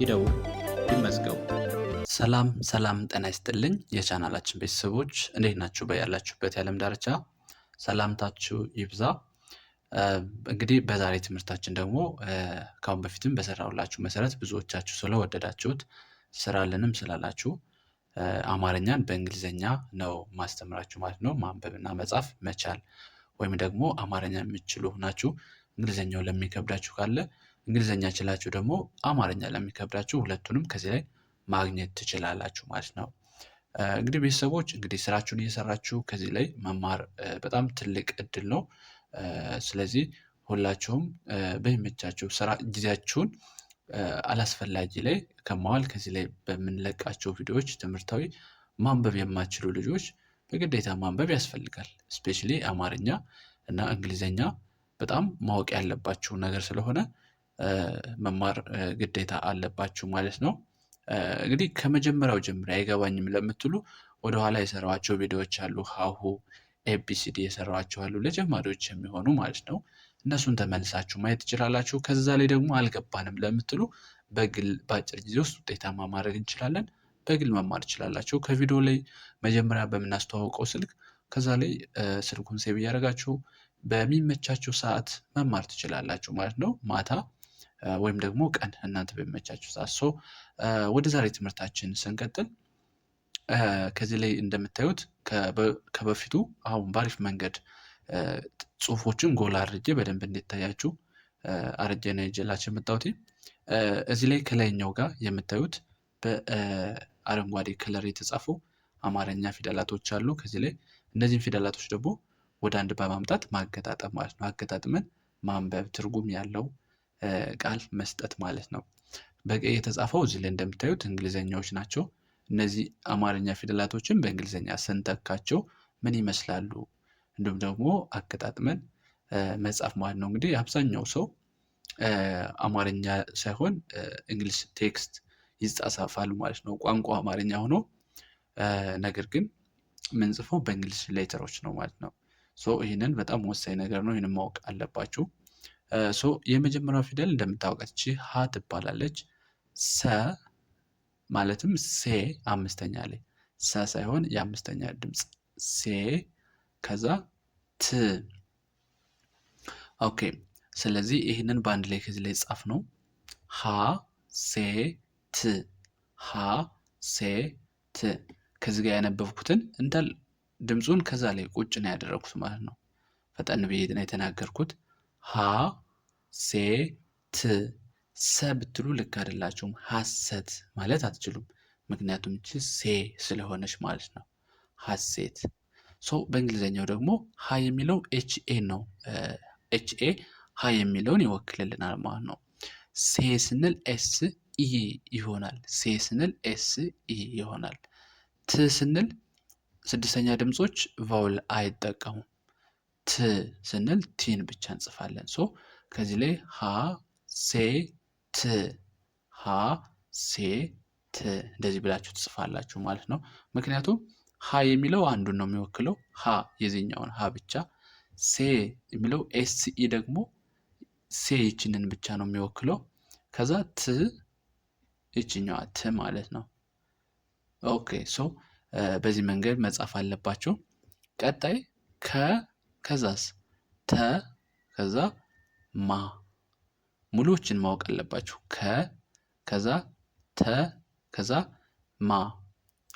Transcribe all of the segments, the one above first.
ይደውሉ፣ ይመዝገቡ። ሰላም ሰላም፣ ጤና ይስጥልኝ የቻናላችን ቤተሰቦች እንዴት ናችሁ? በያላችሁበት የዓለም ዳርቻ ሰላምታችሁ ይብዛ። እንግዲህ በዛሬ ትምህርታችን ደግሞ ካሁን በፊትም በሰራሁላችሁ መሰረት ብዙዎቻችሁ ስለወደዳችሁት ስራልንም ስላላችሁ አማርኛን በእንግሊዝኛ ነው ማስተምራችሁ ማለት ነው። ማንበብና መጻፍ መቻል ወይም ደግሞ አማርኛ የምችሉ ሆናችሁ እንግሊዝኛው ለሚከብዳችሁ ካለ እንግሊዘኛ ችላችሁ ደግሞ አማርኛ ለሚከብዳችሁ ሁለቱንም ከዚህ ላይ ማግኘት ትችላላችሁ ማለት ነው። እንግዲህ ቤተሰቦች እንግዲህ ስራችሁን እየሰራችሁ ከዚህ ላይ መማር በጣም ትልቅ እድል ነው። ስለዚህ ሁላችሁም በሚመቻችሁ ስራ ጊዜያችሁን አላስፈላጊ ላይ ከማዋል ከዚህ ላይ በምንለቃቸው ቪዲዮዎች ትምህርታዊ ማንበብ የማትችሉ ልጆች በግዴታ ማንበብ ያስፈልጋል። ስፔሻሊ አማርኛ እና እንግሊዝኛ በጣም ማወቅ ያለባችሁ ነገር ስለሆነ መማር ግዴታ አለባችሁ ማለት ነው። እንግዲህ ከመጀመሪያው ጀምሮ አይገባኝም ለምትሉ ወደኋላ የሰራኋቸው ቪዲዮዎች አሉ። ሀሁ ኤቢሲዲ የሰራኋቸው አሉ ለጀማሪዎች የሚሆኑ ማለት ነው። እነሱን ተመልሳችሁ ማየት ትችላላችሁ። ከዛ ላይ ደግሞ አልገባንም ለምትሉ በግል በአጭር ጊዜ ውስጥ ውጤታማ ማድረግ እንችላለን። በግል መማር ትችላላችሁ። ከቪዲዮ ላይ መጀመሪያ በምናስተዋውቀው ስልክ ከዛ ላይ ስልኩን ሴብ እያደረጋችሁ በሚመቻችሁ ሰዓት መማር ትችላላችሁ ማለት ነው ማታ ወይም ደግሞ ቀን እናንተ በሚመቻችሁ ሰዓት። ሶ ወደ ዛሬ ትምህርታችን ስንቀጥል ከዚህ ላይ እንደምታዩት ከበፊቱ አሁን በአሪፍ መንገድ ጽሁፎችን ጎላ አድርጌ በደንብ እንዲታያችሁ አርጄ ነው ይዤላችሁ የመጣሁት። እዚህ ላይ ከላይኛው ጋር የምታዩት በአረንጓዴ ክለር የተጻፉ አማርኛ ፊደላቶች አሉ። ከዚህ ላይ እነዚህን ፊደላቶች ደግሞ ወደ አንድ በማምጣት ማገጣጠም ማለት ነው። አገጣጥመን ማንበብ ትርጉም ያለው ቃል መስጠት ማለት ነው። በቀይ የተጻፈው እዚህ ላይ እንደምታዩት እንግሊዘኛዎች ናቸው። እነዚህ አማርኛ ፊደላቶችን በእንግሊዘኛ ስንተካቸው ምን ይመስላሉ? እንዲሁም ደግሞ አገጣጥመን መጻፍ ማለት ነው። እንግዲህ አብዛኛው ሰው አማርኛ ሳይሆን እንግሊሽ ቴክስት ይጻጻፋሉ ማለት ነው። ቋንቋ አማርኛ ሆኖ ነገር ግን ምንጽፈው በእንግሊሽ ሌተሮች ነው ማለት ነው። ይህንን በጣም ወሳኝ ነገር ነው። ይህንን ማወቅ አለባችሁ። ሶ የመጀመሪያው ፊደል እንደምታወቀች ሀ ትባላለች። ሰ ማለትም ሴ አምስተኛ ላይ ሰ ሳይሆን የአምስተኛ ድምፅ ሴ ከዛ ት። ኦኬ ስለዚህ ይህንን በአንድ ላይ ከዚህ ላይ ጻፍ ነው ሀ ሴ ት ሀ ሴ ት። ከዚህ ጋር ያነበብኩትን እንዳል ድምፁን ከዛ ላይ ቁጭ ነው ያደረግኩት ማለት ነው። ፈጠን ብዬ ነው የተናገርኩት። ሀ ሴ ት ሰ ብትሉ ልክ አይደላችሁም። ሀሰት ማለት አትችሉም። ምክንያቱም ች ሴ ስለሆነች ማለት ነው። ሀሴት ሶ በእንግሊዝኛው ደግሞ ሀ የሚለው ኤችኤ ነው። ኤችኤ ሀ የሚለውን ይወክልልናል ማለት ነው። ሴ ስንል ኤስ ኢ ይሆናል። ሴ ስንል ኤስ ኢ ይሆናል። ት ስንል ስድስተኛ ድምፆች ቫውል አይጠቀሙም። ት ስንል ቲን ብቻ እንጽፋለን። ሶ ከዚህ ላይ ሀ ሴ ት ሀ ሴ ት እንደዚህ ብላችሁ ትጽፋላችሁ ማለት ነው። ምክንያቱም ሀ የሚለው አንዱን ነው የሚወክለው ሀ የዚህኛውን ሀ ብቻ ሴ የሚለው ኤስኢ ደግሞ ሴ ይችንን ብቻ ነው የሚወክለው። ከዛ ት ይችኛዋ ት ማለት ነው። ኦኬ ሶ በዚህ መንገድ መጻፍ አለባቸው። ቀጣይ ከ ከዛስ ተ ከዛ ማ ሙሉዎችን ማወቅ አለባችሁ። ከ ከዛ ተ ከዛ ማ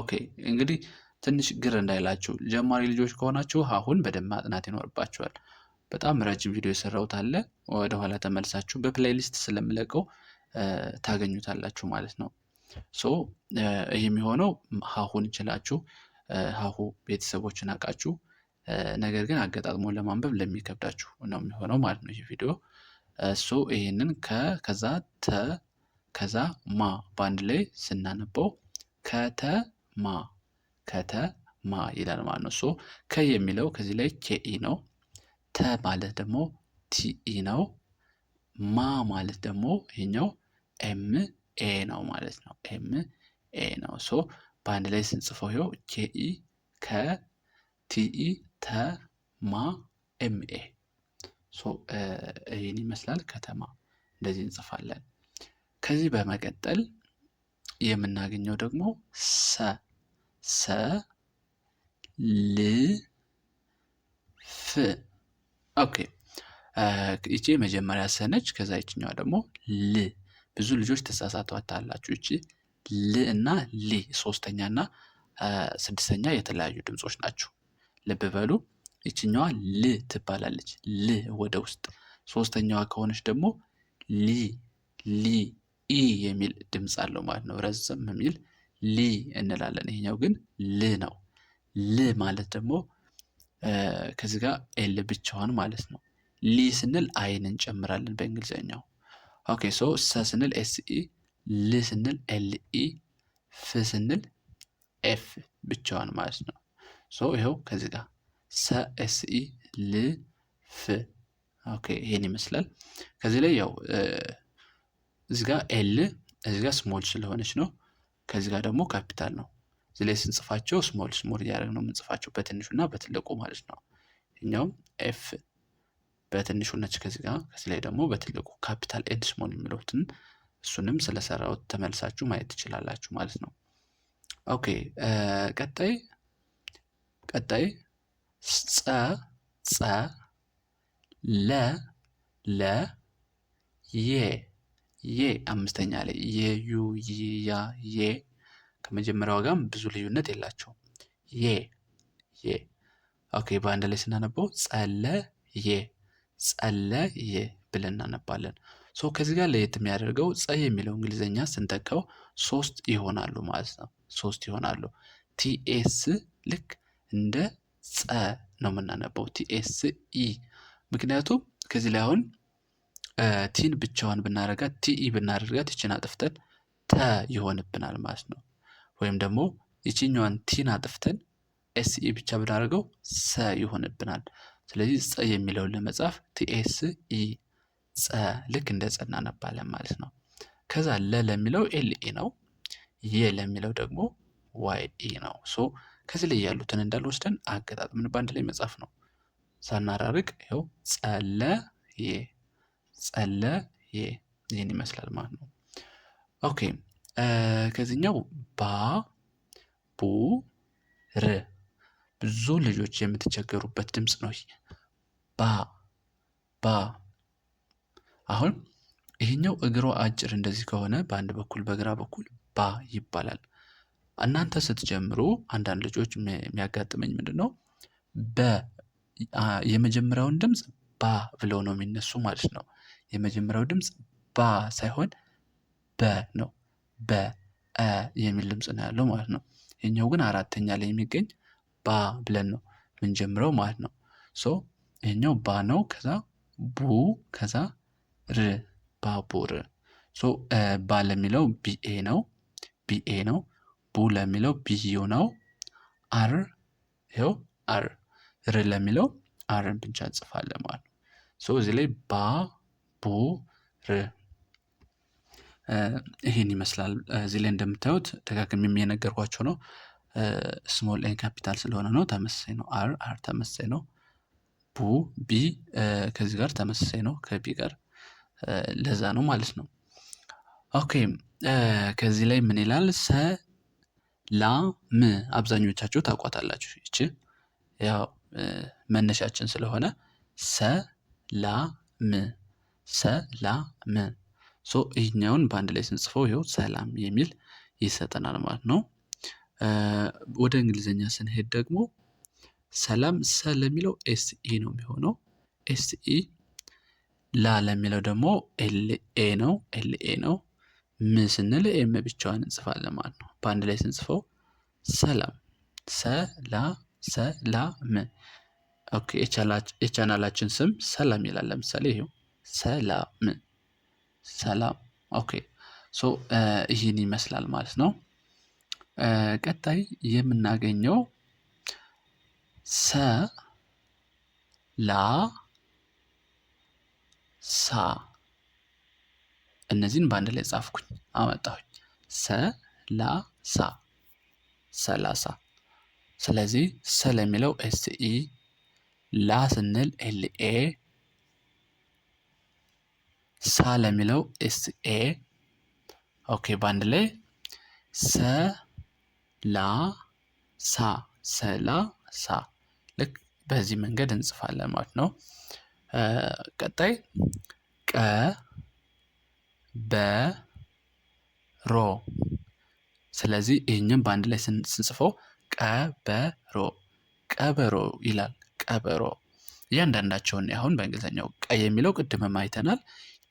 ኦኬ። እንግዲህ ትንሽ ግር እንዳይላችሁ ጀማሪ ልጆች ከሆናችሁ አሁን በደንብ ማጥናት ይኖርባችኋል። በጣም ረጅም ቪዲዮ የሰራሁት አለ ወደኋላ ተመልሳችሁ በፕሌይሊስት ስለምለቀው ታገኙታላችሁ ማለት ነው። ሶ ይህ የሚሆነው ሀሁን ችላችሁ ሀሁ ቤተሰቦችን አውቃችሁ ነገር ግን አገጣጥሞ ለማንበብ ለሚከብዳችሁ ነው የሚሆነው ማለት ነው ይህ ቪዲዮ። እሱ ይህንን ከዛ ተ ከዛ ማ በአንድ ላይ ስናነበው ከተማ ከተማ ይላል ማለት ነው። ሶ ከ የሚለው ከዚህ ላይ ኬኢ ነው። ተ ማለት ደግሞ ቲኢ ነው። ማ ማለት ደግሞ ይሄኛው ኤም ኤ ነው ማለት ነው። ኤም ኤ ነው። ሶ በአንድ ላይ ስንጽፈው ይኸው ኬኢ ከቲኢ ተማ ኤምኤ ይህን ይመስላል። ከተማ እንደዚህ እንጽፋለን። ከዚህ በመቀጠል የምናገኘው ደግሞ ሰ ሰ ል ፍ ኦኬ። ይቺ የመጀመሪያ ሰነች። ከዛ ይችኛዋ ደግሞ ል። ብዙ ልጆች ተሳሳቷት አላችሁ። ይቺ ል እና ሊ ሶስተኛ እና ስድስተኛ የተለያዩ ድምፆች ናቸው። ልብ በሉ ይችኛዋ ል ትባላለች። ል ወደ ውስጥ ሶስተኛዋ ከሆነች ደግሞ ሊ ሊ ኢ የሚል ድምፅ አለው ማለት ነው። ረዘም የሚል ሊ እንላለን። ይሄኛው ግን ል ነው። ል ማለት ደግሞ ከዚ ጋር ኤል ብቻዋን ማለት ነው። ሊ ስንል አይን እንጨምራለን በእንግሊዝኛው። ኦኬ ሶ ሰ ስንል ኤስ ኢ፣ ል ስንል ኤል ኢ፣ ፍ ስንል ኤፍ ብቻዋን ማለት ነው። ሶ ይኸው ከዚህ ጋር ሰኤስኢ ል ፍ ኦኬ፣ ይሄን ይመስላል። ከዚህ ላይ ያው እዚህ ጋር ኤል እዚህ ጋር ስሞል ስለሆነች ነው። ከዚህ ጋር ደግሞ ካፒታል ነው። እዚ ላይ ስንጽፋቸው ስሞል ስሞል እያደረግን ነው የምንጽፋቸው በትንሹና በትልቁ ማለት ነው። እኛውም ኤፍ በትንሹ ነች ከዚህ ጋር ከዚህ ላይ ደግሞ በትልቁ ካፒታል ኤድ ስሞል የሚለውትን እሱንም ስለሰራሁት ተመልሳችሁ ማየት ትችላላችሁ ማለት ነው። ኦኬ ቀጣይ ቀጣይ ፀ ፀ ለ ለ የ የ አምስተኛ ላይ የዩ ያ የ ከመጀመሪያው ጋርም ብዙ ልዩነት የላቸውም። የ የ ኦኬ በአንድ ላይ ስናነበው ጸለ የ ጸለ የ ብለን እናነባለን። ሶ ከዚህ ጋር ለየት የሚያደርገው ፀ የሚለው እንግሊዝኛ ስንተካው ሶስት ይሆናሉ ማለት ነው። ሶስት ይሆናሉ ቲኤስ ልክ እንደ ፀ ነው የምናነበው ቲኤስ ኢ። ምክንያቱም ከዚህ ላይ አሁን ቲን ብቻዋን ቲ ቲኢ ብናደርጋት ይችን አጥፍተን ተ ይሆንብናል ማለት ነው። ወይም ደግሞ ይችኛዋን ቲን አጥፍተን ኤስኢ ብቻ ብናደርገው ሰ ይሆንብናል። ስለዚህ ፀ የሚለውን ለመጻፍ ቲኤስ ኢ ጸ ልክ እንደ ፀ እናነባለን ማለት ነው። ከዛ ለ ለሚለው ኤልኢ ነው። የ ለሚለው ደግሞ ዋይ ኢ ነው። ሶ ከዚህ ላይ ያሉትን እንዳልወስደን ወስደን አገጣጥምን በአንድ ላይ መጻፍ ነው። ሳናራርቅ ይኸው ጸለየ ጸለየ ይህን ይመስላል ማለት ነው። ኦኬ ከዚህኛው ባ ቡ ር ብዙ ልጆች የምትቸገሩበት ድምፅ ነው። ባ ባ አሁን ይህኛው እግሯ አጭር እንደዚህ ከሆነ በአንድ በኩል በግራ በኩል ባ ይባላል። እናንተ ስትጀምሩ አንዳንድ ልጆች የሚያጋጥመኝ ምንድነው ነው የመጀመሪያውን ድምጽ ባ ብለው ነው የሚነሱ ማለት ነው። የመጀመሪያው ድምፅ ባ ሳይሆን በ ነው በ የሚል ድምፅ ነው ያለው ማለት ነው። የኛው ግን አራተኛ ላይ የሚገኝ ባ ብለን ነው ምንጀምረው ማለት ነው። ሶ ይሄኛው ባ ነው ከዛ ቡ ከዛ ር ባቡር ሶ ባ ለሚለው ቢኤ ነው ቢኤ ነው ቡ ለሚለው ቢዩ ነው። አር ይኸው አር ር ለሚለው አርን ብቻ እንጽፋለን ማለት ነው። እዚህ ላይ ባ ቡ ር ይህን ይመስላል። እዚህ ላይ እንደምታዩት ደጋግሜ የነገርኳቸው ነው። ስሞል ኤን ካፒታል ስለሆነ ነው። ተመሳሳይ ነው። አር አር ተመሳሳይ ነው። ቡ ቢ ከዚህ ጋር ተመሳሳይ ነው፣ ከቢ ጋር ለዛ ነው ማለት ነው። ኦኬ ከዚህ ላይ ምን ይላል? ሰ ላም አብዛኞቻችሁ ታውቋታላችሁ። ይች ያው መነሻችን ስለሆነ ላ ም ሶ ይህኛውን በአንድ ላይ ስንጽፈው ይኸው ሰላም የሚል ይሰጠናል ማለት ነው። ወደ እንግሊዝኛ ስንሄድ ደግሞ ሰላም ሰ ለሚለው ኤስኢ ነው የሚሆነው ኤስኢ። ላ ለሚለው ደግሞ ኤልኤ ነው ኤልኤ ነው። ም ስንል ኤም ብቻዋን እንጽፋለን ማለት ነው። በአንድ ላይ ስንጽፈው ሰላም ሰላ ሰላም። የቻናላችን ስም ሰላም ይላል። ለምሳሌ ይሄው ሰላም ሰላም። ኦኬ ሶ ይህን ይመስላል ማለት ነው። ቀጣይ የምናገኘው ሰ ላ ሳ እነዚህን በአንድ ላይ ጻፍኩኝ አመጣሁኝ። ሰ ላ ሳ ሰላሳ። ስለዚህ ሰ ለሚለው ኤስኢ ላ ስንል ኤልኤ ሳ ለሚለው ኤስኤ ኦኬ፣ በአንድ ላይ ሰ ላ ሳ ሰላ ሳ። ልክ በዚህ መንገድ እንጽፋለን ማለት ነው። ቀጣይ ቀ በ ሮ ስለዚህ ይህኛም በአንድ ላይ ስንጽፈው ቀበሮ ቀበሮ ይላል። ቀበሮ እያንዳንዳቸውን አሁን በእንግሊዝኛው ቀ የሚለው ቅድምም አይተናል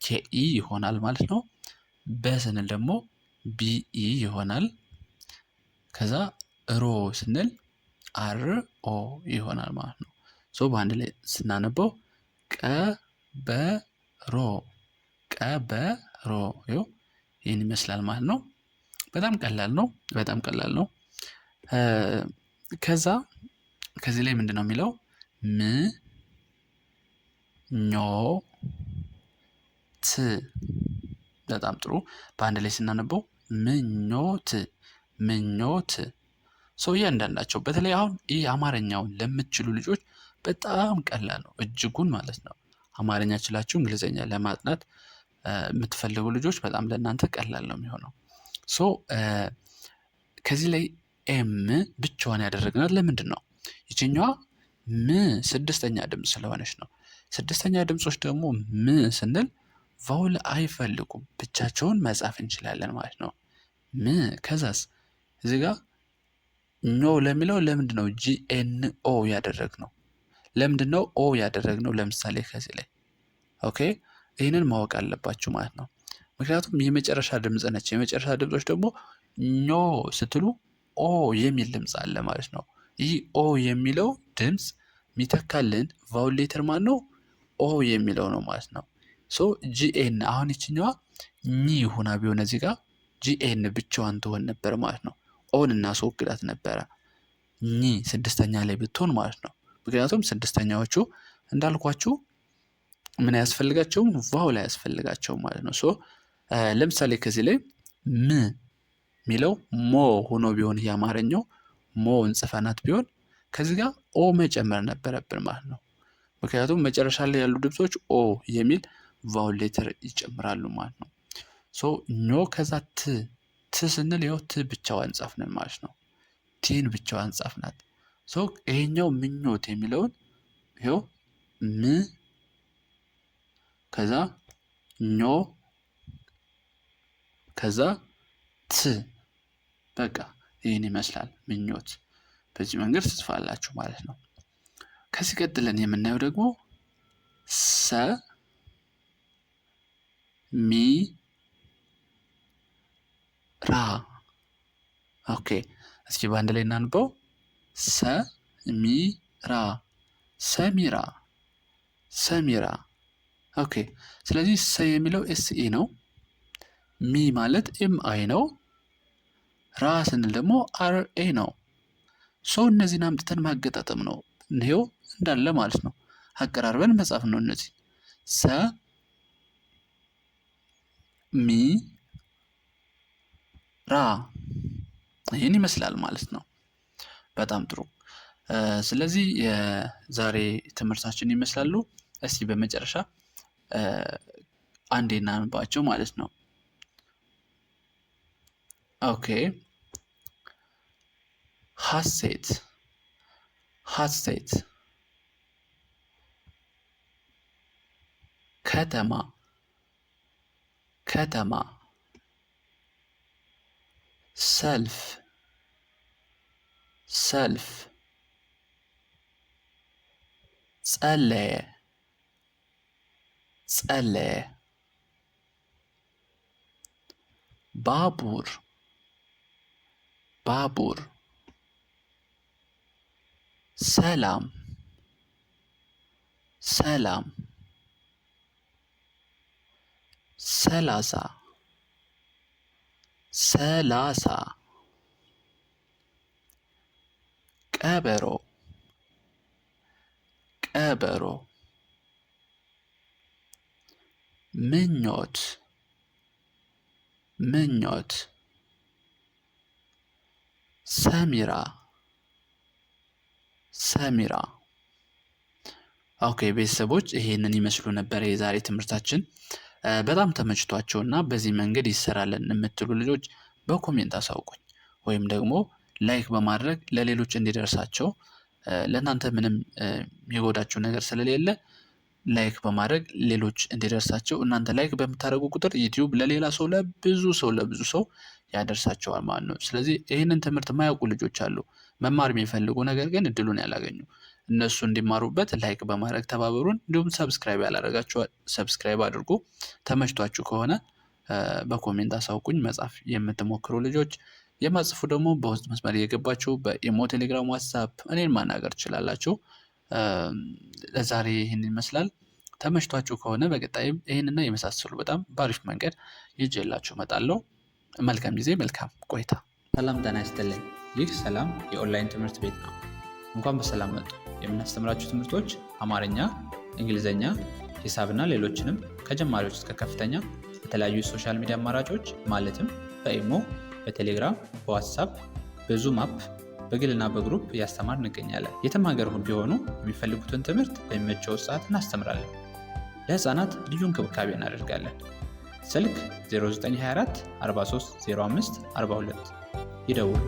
ኬኢ ይሆናል ማለት ነው። በስንል ደግሞ ቢኢ ይሆናል። ከዛ ሮ ስንል አር ኦ ይሆናል ማለት ነው። ሶ በአንድ ላይ ስናነበው ቀበሮ ቀበሮ ይህን ይመስላል ማለት ነው። በጣም ቀላል ነው። በጣም ቀላል ነው። ከዛ ከዚህ ላይ ምንድን ነው የሚለው ም ኞ ት በጣም ጥሩ። በአንድ ላይ ስናነበው ምኞት ምኞት። ሰው እያንዳንዳቸው በተለይ አሁን ይህ አማርኛውን ለምትችሉ ልጆች በጣም ቀላል ነው እጅጉን ማለት ነው። አማርኛ ችላችሁ እንግሊዝኛ ለማጥናት የምትፈልጉ ልጆች በጣም ለእናንተ ቀላል ነው የሚሆነው። ሶ ከዚህ ላይ ኤም ብቻዋን ያደረግናት ለምንድን ነው? ይችኛዋ ም ስድስተኛ ድምፅ ስለሆነች ነው። ስድስተኛ ድምፆች ደግሞ ም ስንል ቫውል አይፈልጉም፣ ብቻቸውን መጻፍ እንችላለን ማለት ነው። ም ከዛስ እዚ ጋ ኞ ለሚለው ለምንድን ነው ጂኤን ኦ ነው? ለምንድን ነው ኦ ነው? ለምሳሌ ከዚህ ላይ ኦኬ፣ ይህንን ማወቅ አለባችሁ ማለት ነው። ምክንያቱም የመጨረሻ ድምፅ ነች። የመጨረሻ ድምፆች ደግሞ ኞ ስትሉ ኦ የሚል ድምፅ አለ ማለት ነው። ይህ ኦ የሚለው ድምፅ የሚተካልን ቫውሌተር ማን ነው? ኦ የሚለው ነው ማለት ነው። ሶ ጂኤን አሁን ይችኛዋ ኚ ሁና ቢሆን እዚህ ጋር ጂኤን ብቻዋን ትሆን ነበር ማለት ነው። ኦን እናስወግዳት ነበረ ኒ ስድስተኛ ላይ ብትሆን ማለት ነው። ምክንያቱም ስድስተኛዎቹ እንዳልኳችሁ ምን አያስፈልጋቸውም ቫውል አያስፈልጋቸውም ማለት ነው። ሶ ለምሳሌ ከዚህ ላይ ም የሚለው ሞ ሆኖ ቢሆን የአማርኛው ሞ እንጽፈናት ቢሆን ከዚህ ጋር ኦ መጨመር ነበረብን ማለት ነው። ምክንያቱም መጨረሻ ላይ ያሉ ድምፆች ኦ የሚል ቫውል ሌተር ይጨምራሉ ማለት ነው። ሶ ኞ ከዛ ት ት ስንል ያው ት ብቻዋን ጻፍነን ማለት ነው። ቲን ብቻዋን ጻፍናት። ሶ ይሄኛው ምኞት የሚለውን ይኸው ም ከዛ ኞ ከዛ ት በቃ ይህን ይመስላል ምኞት። በዚህ መንገድ ትጽፋላችሁ ማለት ነው። ከዚህ ቀጥለን የምናየው ደግሞ ሰ ሚ ራ ኦኬ። እስኪ በአንድ ላይ እናንበው። ሰ ሚ ራ ሰሚራ ሰሚራ። ኦኬ። ስለዚህ ሰ የሚለው ኤስኤ ነው። ሚ ማለት ኤም አይ ነው። ራ ስንል ደግሞ አር ኤ ነው። ሰው እነዚህን አምጥተን ማገጣጠም ነው። ይሄው እንዳለ ማለት ነው። አቀራርበን መጻፍ ነው። እነዚህ ሰ ሚ ራ ይህን ይመስላል ማለት ነው። በጣም ጥሩ። ስለዚህ የዛሬ ትምህርታችን ይመስላሉ። እስቲ በመጨረሻ አንዴ እናንባቸው ማለት ነው። ኦኬ ሀሴት ሀሴት ከተማ ከተማ ሰልፍ ሰልፍ ጸለየ ጸለየ ባቡር ባቡር ሰላም ሰላም ሰላሳ ሰላሳ ቀበሮ ቀበሮ ምኞት ምኞት ሰሚራ ሰሚራ ኦኬ ቤተሰቦች ይሄንን ይመስሉ ነበር የዛሬ ትምህርታችን። በጣም ተመችቷቸው እና በዚህ መንገድ ይሰራለን የምትሉ ልጆች በኮሜንት አሳውቁኝ፣ ወይም ደግሞ ላይክ በማድረግ ለሌሎች እንዲደርሳቸው ለእናንተ ምንም የሚጎዳቸው ነገር ስለሌለ ላይክ በማድረግ ሌሎች እንዲደርሳቸው። እናንተ ላይክ በምታደርጉ ቁጥር ዩቲዩብ ለሌላ ሰው ለብዙ ሰው ለብዙ ሰው ያደርሳቸዋል ማለት ነው። ስለዚህ ይህንን ትምህርት የማያውቁ ልጆች አሉ መማር የሚፈልጉ ነገር ግን እድሉን ያላገኙ እነሱ እንዲማሩበት ላይክ በማድረግ ተባበሩን። እንዲሁም ሰብስክራይብ ያላደረጋችሁ ሰብስክራይብ አድርጉ። ተመችቷችሁ ከሆነ በኮሜንት አሳውቁኝ። መጻፍ የምትሞክሩ ልጆች የማጽፉ ደግሞ በውስጥ መስመር እየገባችሁ በኢሞ፣ ቴሌግራም፣ ዋትሳፕ እኔን ማናገር ትችላላችሁ። ለዛሬ ይህን ይመስላል። ተመችቷችሁ ከሆነ በቀጣይም ይህንና የመሳሰሉ በጣም በአሪፍ መንገድ ይዤላችሁ እመጣለሁ። መልካም ጊዜ፣ መልካም ቆይታ። ሰላም ጤና ይስጥልኝ። ይህ ሰላም የኦንላይን ትምህርት ቤት ነው። እንኳን በሰላም መጡ። የምናስተምራችሁ ትምህርቶች አማርኛ፣ እንግሊዝኛ፣ ሂሳብና ሌሎችንም ከጀማሪዎች እስከ ከፍተኛ በተለያዩ የሶሻል ሚዲያ አማራጮች ማለትም በኢሞ፣ በቴሌግራም፣ በዋትሳፕ፣ በዙም አፕ በግልና በግሩፕ እያስተማር እንገኛለን። የትም ሀገር ቢሆኑ የሚፈልጉትን ትምህርት በሚመቸው ሰዓት እናስተምራለን። ለህፃናት ልዩ እንክብካቤ እናደርጋለን። ስልክ 0924 05 42 ይደውሉ፣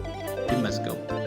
ይመዝገቡ።